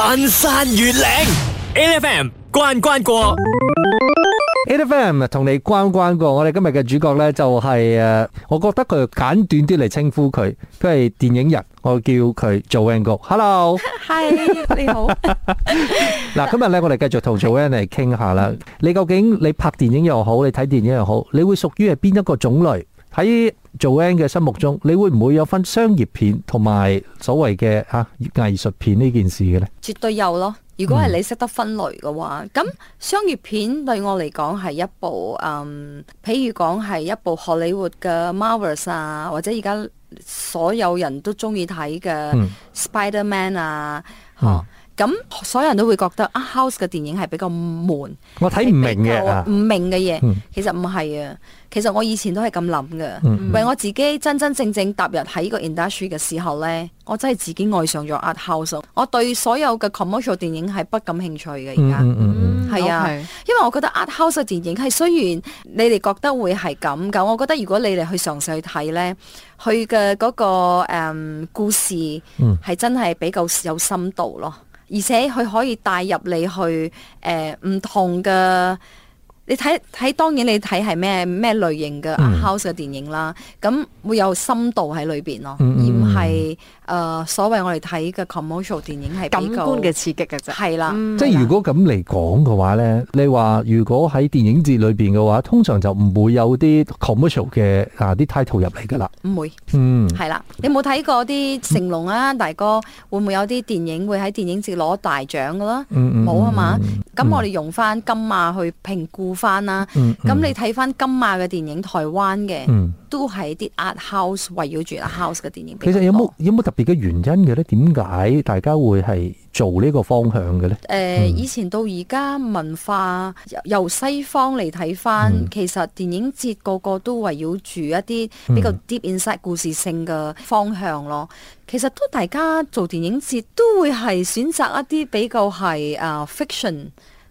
翻山越嶺，8FM 關關過，8FM 同你關關過。我哋今日嘅主角咧就係誒，我覺得佢簡短啲嚟稱呼佢，佢係電影人，我叫佢做 Joanne。Hello，Hi，你好。嗱，今日咧我哋繼續同做 Joanne 嚟傾下啦。你究竟你拍電影又好，你睇電影又好，你會屬於係邊一個種類？喺做 n 嘅心目中，你會唔會有分商業片同埋所謂嘅吓藝術片呢件事嘅咧？絕對有咯。如果係你識得分類嘅話，咁、嗯、商業片對我嚟講係一部嗯，譬如講係一部荷里活嘅 Marvel 啊，或者而家所有人都中意睇嘅 Spider-Man 啊，吓、嗯。嗯咁所有人都會覺得 Art House 嘅電影係比較悶。我睇唔明嘅，唔明嘅嘢。嗯、其實唔係啊。其實我以前都係咁諗嘅。嗯、為我自己真真正正踏入喺個 industry 嘅時候咧，我真係自己愛上咗 Art House。我對所有嘅 commercial 電影係不感興趣嘅。而家係啊，因為我覺得 Art House 嘅電影係雖然你哋覺得會係咁噶，我覺得如果你哋去嘗試去睇咧，佢嘅嗰個、um, 故事係真係比較有深度咯。而且佢可以帶入你去誒、唔、呃、同嘅，你睇睇當然你睇係咩咩類型嘅，嗯啊、house 嘅電影啦，咁會有深度喺裏邊咯，嗯嗯，而唔係。誒所謂我哋睇嘅 commercial 電影係比較感官嘅刺激嘅啫，係啦，即係如果咁嚟講嘅話咧，你話如果喺電影節裏邊嘅話，通常就唔會有啲 commercial 嘅啊啲 title 入嚟㗎啦，唔會，嗯，係啦，你冇睇過啲成龍啊大哥，會唔會有啲電影會喺電影節攞大獎嘅啦？冇啊嘛，咁我哋用翻金馬去評估翻啦，咁你睇翻金馬嘅電影，台灣嘅都係啲 art house 圍繞住 art house 嘅電影，其實有冇有冇特？別嘅原因嘅咧，點解大家會係做呢個方向嘅咧？誒、呃，以前到而家文化由西方嚟睇翻，嗯、其實電影節個個都圍繞住一啲比較 deep insight 故事性嘅方向咯。嗯、其實都大家做電影節都會係選擇一啲比較係誒 fiction。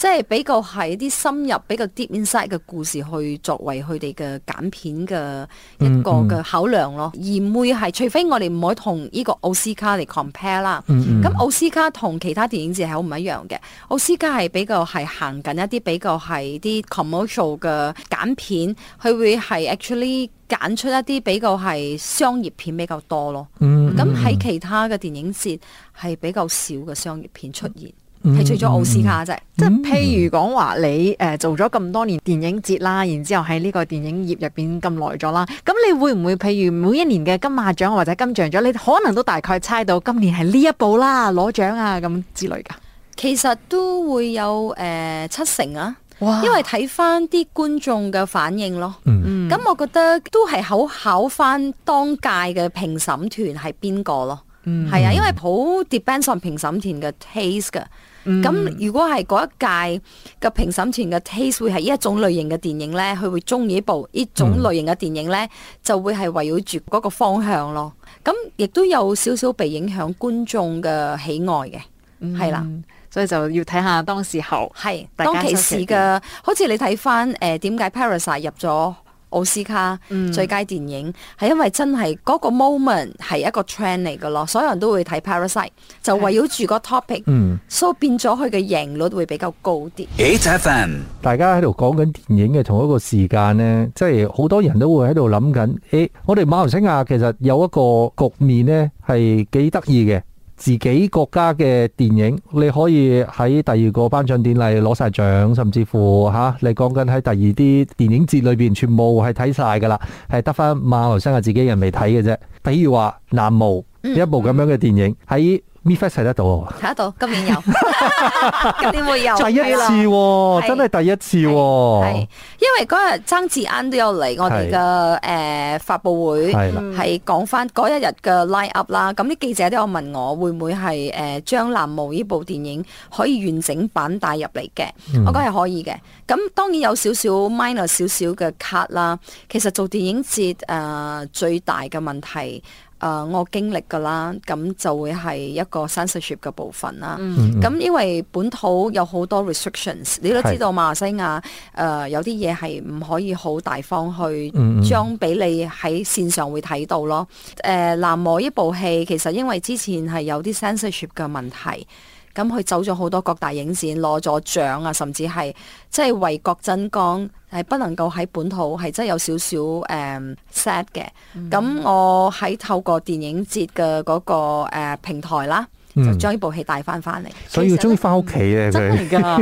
即係比較係啲深入比較 deep inside 嘅故事去作為佢哋嘅揀片嘅一個嘅考量咯，mm hmm. 而唔會係除非我哋唔可以同呢個奧斯卡嚟 compare 啦。咁、mm hmm. 奧斯卡同其他電影節係好唔一樣嘅，奧斯卡係比較係行緊一啲比較係啲 commercial 嘅揀片，佢會係 actually 揀出一啲比較係商業片比較多咯。咁喺、mm hmm. 其他嘅電影節係比較少嘅商業片出現。Mm hmm. 嗯係除咗奧斯卡啫，即係譬如講話你誒、呃、做咗咁多年電影節啦，然之後喺呢個電影業入邊咁耐咗啦，咁你會唔會譬如每一年嘅金馬獎或者金像獎，獎，你可能都大概猜到今年係呢一部啦攞獎啊咁之類噶？其實都會有誒、呃、七成啊，哇因為睇翻啲觀眾嘅反應咯。咁、嗯嗯、我覺得都係好考翻當屆嘅評審團係邊個咯？係、嗯、啊，因為好 depends on 評審團嘅 taste 噶。咁、嗯、如果係嗰一屆嘅評審團嘅 taste 會係呢一種類型嘅電影咧，佢會中意一部呢、嗯、種類型嘅電影咧，就會係圍繞住嗰個方向咯。咁亦都有少少被影響觀眾嘅喜愛嘅，係、嗯、啦，所以就要睇下當時候係是當其時嘅，好似你睇翻誒點解 Parasite 入咗。奧斯卡最佳電影係因為真係嗰個 moment 係一個 trend 嚟噶咯，所有人都會睇 Parasite，就圍繞住個 topic，所以變咗佢嘅贏率會比較高啲。8FM，大家喺度講緊電影嘅，同一個時間咧，即係好多人都會喺度諗緊，誒，我哋馬來西亞，其實有一個局面咧係幾得意嘅。自己國家嘅電影，你可以喺第二個頒獎典禮攞晒獎，甚至乎嚇、啊、你講緊喺第二啲電影節裏邊，全部係睇晒噶啦，係得返馬來西亞自己人未睇嘅啫。比如話《南無》一部咁樣嘅電影喺。me f 睇得到，睇得到，今年有， 今年會有，第一次喎、啊，是真係第一次喎、啊。係，因為嗰日曾志安都有嚟我哋嘅誒發佈會，係講翻嗰一日嘅 line up 啦。咁啲記者都有問我，會唔會係誒將《藍霧》呢部電影可以完整版帶入嚟嘅？嗯、我覺得係可以嘅。咁當然有少少 minor 少少嘅 cut 啦。其實做電影節誒、呃、最大嘅問題。誒、uh, 我經歷㗎啦，咁就會係一個 censorship 嘅部分啦。咁、嗯嗯、因為本土有好多 restrictions，你都知道馬來西亞，誒是、呃、有啲嘢係唔可以好大方去將俾你喺線上會睇到咯。誒、嗯嗯，呃《南磨》呢部戲其實因為之前係有啲 censorship 嘅問題。咁佢走咗好多各大影展，攞咗獎啊，甚至係即係為國爭光，係不能夠喺本土係真係有少少誒、嗯、sad 嘅。咁、嗯、我喺透過電影節嘅嗰個誒、呃、平台啦。就將呢部戲帶翻翻嚟，所以要追翻屋企咧，真係噶！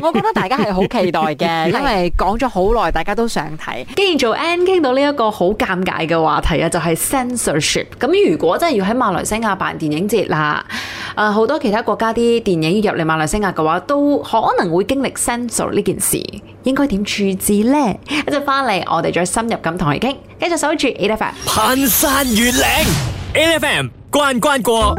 我覺得大家係好期待嘅， 因為講咗好耐，大家都想睇。嗯、既然 Joanne 傾到呢一個好尷尬嘅話題啊，就係、是、censorship。咁如果真係要喺馬來西亞辦電影節啦，啊、呃，好多其他國家啲電影要入嚟馬來西亞嘅話，都可能會經歷 censor 呢件事，應該點處置呢？一陣翻嚟，我哋再深入咁同你傾，繼續守住8 F M。《攀山越嶺》8 F M 關關過。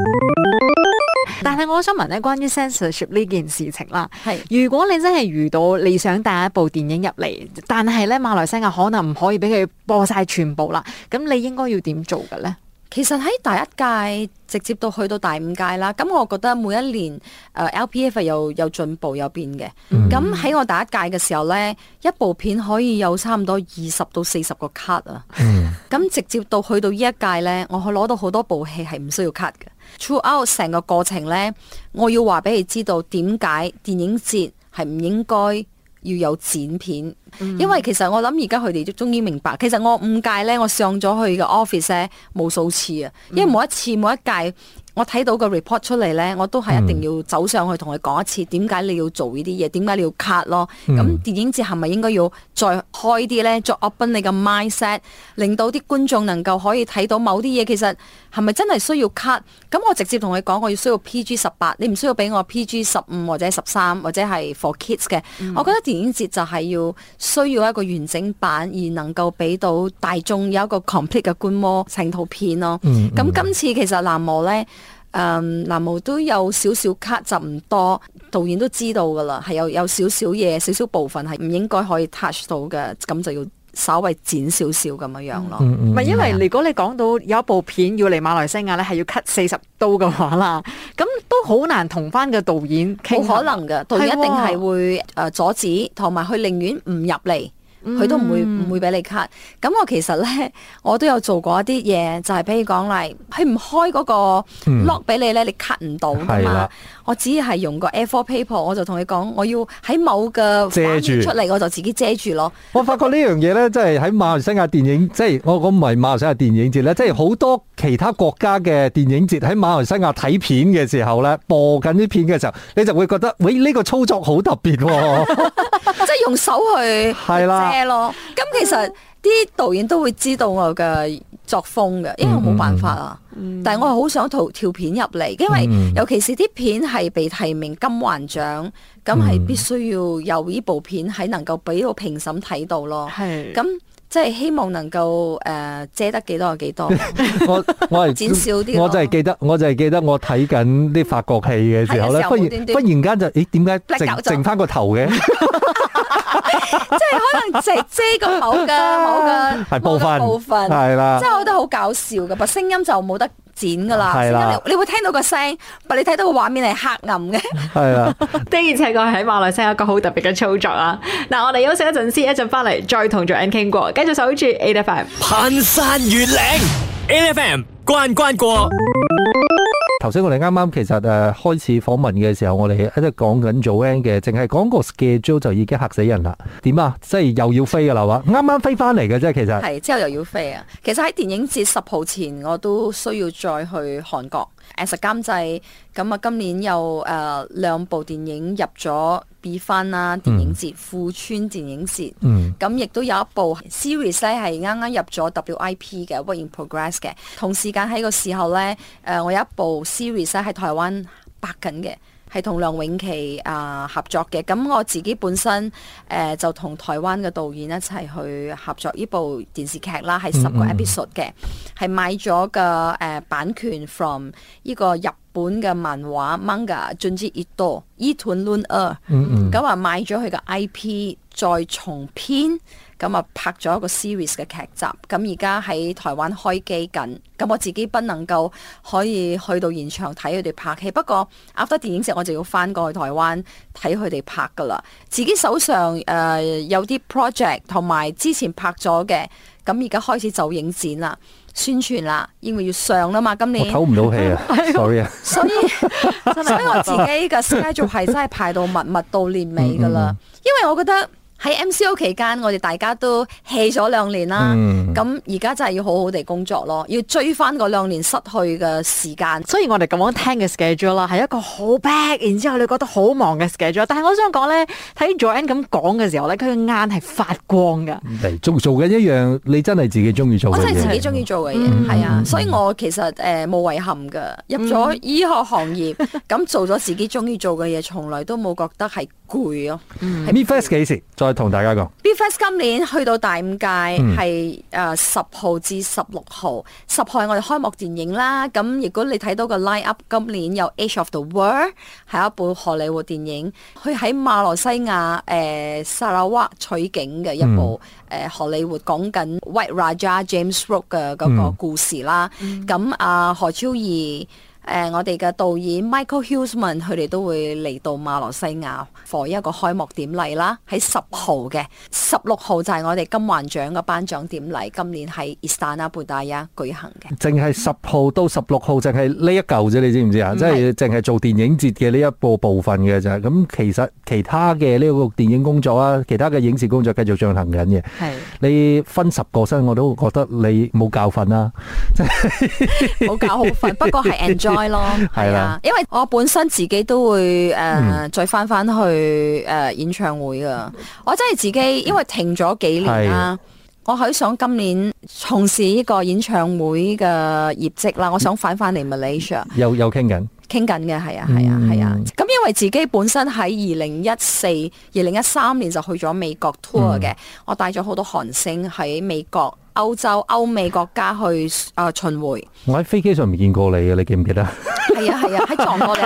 但係我想問咧，關於 censorship 呢件事情啦，是如果你真係遇到你想帶一部電影入嚟，但係咧馬來西亞可能唔可以俾佢播晒全部啦，咁你應該要點做嘅咧？其實喺第一屆直接到去到第五屆啦，咁我覺得每一年誒、呃、LPF 有有進步有變嘅。咁喺、嗯、我第一屆嘅時候咧，一部片可以有差唔多二十到四十個 cut 啊。咁、嗯、直接到去到呢一屆咧，我可攞到好多部戲係唔需要 cut 嘅。Throughout 成個過程呢，我要話畀你知道點解電影節係唔應該要有剪片。因為其實我諗而家佢哋都終於明白，其實我五屆咧，我上咗去嘅 office 咧，無數次啊，因為每一次每一屆，我睇到個 report 出嚟咧，我都係一定要走上去同佢講一次，點解你要做呢啲嘢，點解你要 cut 咯？咁、嗯、電影節係咪應該要再開啲咧，再 open 你嘅 mindset，令到啲觀眾能夠可以睇到某啲嘢，其實係咪真係需要 cut？咁我直接同佢講，我要需要 PG 十八，你唔需要俾我 PG 十五或者十三或者係 for kids 嘅，嗯、我覺得電影節就係要。需要一個完整版而能夠俾到大眾有一個 complete 嘅觀摩成套片咯。咁今、嗯嗯、次其實南無咧，誒、嗯、南無都有少少 cut 集唔多，導演都知道噶啦，係有有少少嘢少少部分係唔應該可以 touch 到嘅，咁就。要。稍微剪少少咁嘅樣咯，唔係、嗯嗯、因為如果你講到有一部片要嚟馬來西亞咧，係要 cut 四十刀嘅話啦，咁都好難同翻個導演傾，可能嘅，導演一定係會誒阻止，同埋佢寧願唔入嚟。佢、嗯、都唔會唔會俾你 cut。咁我其實咧，我都有做過一啲嘢，就係、是、比如講嚟，佢唔開嗰個 lock 俾你咧，嗯、你 cut 唔到啊嘛。我只係用個 A4 paper，我就同佢講，我要喺某個遮住出嚟，我就自己遮住咯。我發覺呢樣嘢咧，即係喺馬來西亞電影，即、就、係、是、我講唔係馬來西亞電影節咧，即係好多其他國家嘅電影節喺馬來西亞睇片嘅時候咧，播緊啲片嘅時候，你就會覺得，喂呢、這個操作好特別喎、哦，即係 用手去。係啦。咯，咁、嗯嗯、其實啲導演都會知道我嘅作風嘅，因為我冇辦法啊。嗯嗯、但係我係好想投條片入嚟，因為尤其是啲片係被提名金環獎，咁係、嗯、必須要有呢部片喺能夠俾到評審睇到咯。係是，咁即係希望能夠誒遮得幾多係幾多我。我我係剪少啲， 我就係記得，我就係記得我睇緊啲法國戲嘅時候咧，忽、嗯、然忽、嗯、然間就，咦、欸？點解剩剩翻個頭嘅？ 即係可能遮口個，直係、啊、個某嘅冇嘅係部分部分係啦。即係了我覺得好搞笑嘅，但聲音就冇得剪噶啦。係啦了，你你會聽到個聲，你睇到個畫面係黑暗嘅。係 啦了，的 而且確喺馬來西亞有一個好特別嘅操作啊。嗱，我哋休息一陣先，一陣翻嚟再同 Joanne 傾過，繼續守住 8FM。攀山越嶺，8FM 關關過。頭先我哋啱啱其實誒開始訪問嘅時候，我哋喺度講緊 Joanne 嘅，淨係講個 schedule 就已經嚇死人啦。點啊，即係又要飛噶啦，係啱啱飛翻嚟嘅啫，其實係之後又要飛啊。其實喺電影節十號前，我都需要再去韓國。實監製咁啊！今年有誒、呃、兩部電影入咗 B 分啦，電影節富川電影節。咁亦都有一部 series 咧，係啱啱入咗 WIP 嘅《Waiting、hmm. Progress》嘅。同時間喺個時候咧，誒、呃、我有一部 series 咧係台灣拍緊嘅。係同梁詠琪啊、呃、合作嘅，咁我自己本身誒、呃、就同台灣嘅導演一齊去合作呢部電視劇啦，係十個 episode 嘅，係、嗯嗯、買咗個誒版權 from 呢個日本嘅漫畫 manga，Junji Ito 伊藤潤二，咁啊、嗯嗯、買咗佢嘅 IP 再重編。咁啊拍咗一個 series 嘅劇集，咁而家喺台灣開機緊。咁我自己不能夠可以去到現場睇佢哋拍戲，不過 after 電影節我就要翻過去台灣睇佢哋拍噶啦。自己手上誒、呃、有啲 project，同埋之前拍咗嘅，咁而家開始做影展啦、宣傳啦，因為要上啦嘛，今年。唞唔到氣啊 ！sorry 啊！所以所以 我自己嘅 schedule 係 真係排到密密到年尾噶啦，因為我覺得。喺 MCO 期間，我哋大家都棄咗兩年啦。咁而家真係要好好地工作咯，要追翻嗰兩年失去嘅時間。雖然我哋咁樣聽嘅 schedule 啦，係一個好 back，然之後你覺得好忙嘅 schedule。但係我想講咧，睇 Joanne 咁講嘅時候咧，佢個眼係發光嘅。做做緊一樣，你真係自己中意做。我真係自己中意做嘅嘢，係、嗯嗯、啊。所以我其實誒冇遺憾噶，入咗醫學行業，咁、嗯、 做咗自己中意做嘅嘢，從來都冇覺得係攰咯，MIFFest 幾時再同大家講？MIFFest 今年去到第五屆，係誒十號至十六號，十號我哋開幕電影啦。咁如果你睇到個 line up，今年有 Edge of the World，係一部荷里活電影，佢喺馬來西亞誒 Sarawak 取景嘅一部誒、mm. 呃、荷里活，講緊 White Rajah James Brooke 嘅嗰個故事啦。咁啊，何超儀。誒，我哋嘅導演 Michael Hulsmann，佢哋都會嚟到馬來西亞放一個開幕典禮啦。喺十號嘅十六號就係我哋金環獎嘅頒獎典禮，今年喺 Istana Budaya 舉行嘅。淨係十號到十六號，淨係呢一嚿啫，你知唔知啊？即係淨係做電影節嘅呢一個部分嘅啫。咁其實其他嘅呢個電影工作啊，其他嘅影視工作繼續進行緊嘅。係你分十個身，我都覺得你冇教訓啦，即係冇教好訓，不過係 enjoy。開咯，係啦， 因為我本身自己都會誒再返返去誒、呃、演唱會噶，我真係自己因為停咗幾年啦、啊，的我好想今年從事呢個演唱會嘅業績啦，我想返返嚟 Malaysia，又又傾緊。傾緊嘅係啊係啊係啊，咁、啊嗯、因為自己本身喺二零一四、二零一三年就去咗美國 tour 嘅，嗯、我帶咗好多韓星喺美國、歐洲、歐美國家去啊、呃、巡迴。我喺飛機上面見過你嘅，你記唔記得？係啊係啊，喺、啊、撞過你一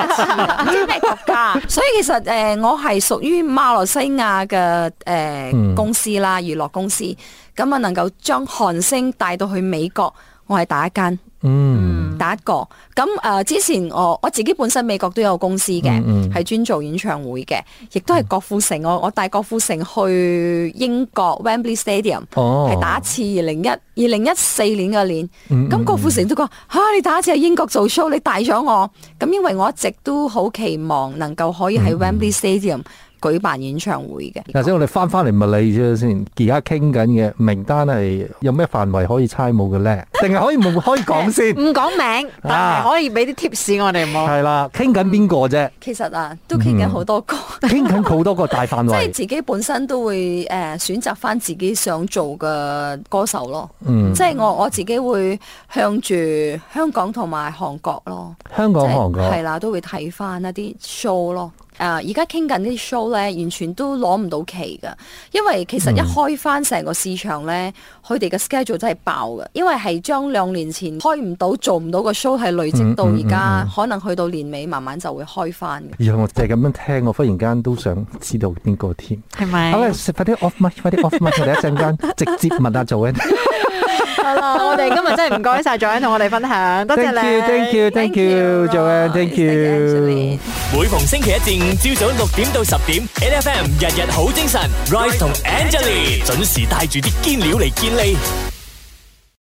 次，咩 國家？ 所以其實誒、呃，我係屬於馬來西亞嘅誒公司啦，呃嗯、娛樂公司咁啊、嗯，能夠將韓星帶到去美國，我係第一間。嗯，打一個咁誒、呃，之前我我自己本身美國都有公司嘅，係專做演唱會嘅，亦都係郭富城、嗯、我我帶郭富城去英國、嗯、Wembley Stadium，係、哦、打一次二零一二零一四年嘅年，咁、嗯嗯、郭富城都講吓、啊、你打一次喺英國做 show，你帶咗我，咁因為我一直都好期望能夠可以喺 Wembley Stadium、嗯。嗯舉辦演唱會嘅，或者我哋翻翻嚟馬來西亞啫先，而家傾緊嘅名單係有咩範圍可以猜冇嘅咧？定係 可以唔可以講先？唔講名，啊、但係可以俾啲貼士我哋冇。係啦、啊，傾緊邊個啫？其實啊，都傾緊好多個，傾緊好多個大範圍。即係自己本身都會誒選擇翻自己想做嘅歌手咯。嗯、即係我我自己會向住香港同埋韓國咯。香港、韓國係啦、就是，都會睇翻一啲 show 咯。誒而家傾緊啲 show 咧，完全都攞唔到期嘅，因為其實一開翻成個市場咧，佢哋嘅 schedule 真係爆嘅，因為係將兩年前開唔到、做唔到個 show 係累積到而家，嗯嗯嗯嗯，可能去到年尾慢慢就會開翻嘅。而我就咁樣聽，我忽然間都想知道邊個添。係咪？好啦，快啲 off mic，快啲 off mic，我哋一陣間，直接問下做恩。好啦，我哋今日真係唔該晒，Joanne 同我哋分享，多謝你，Thank you，Thank you，Joanne，Thank you。每逢星期一至五朝早六點到十點，8FM 日日好精神，Royce 同 Angelie 準時帶住啲堅料嚟見你。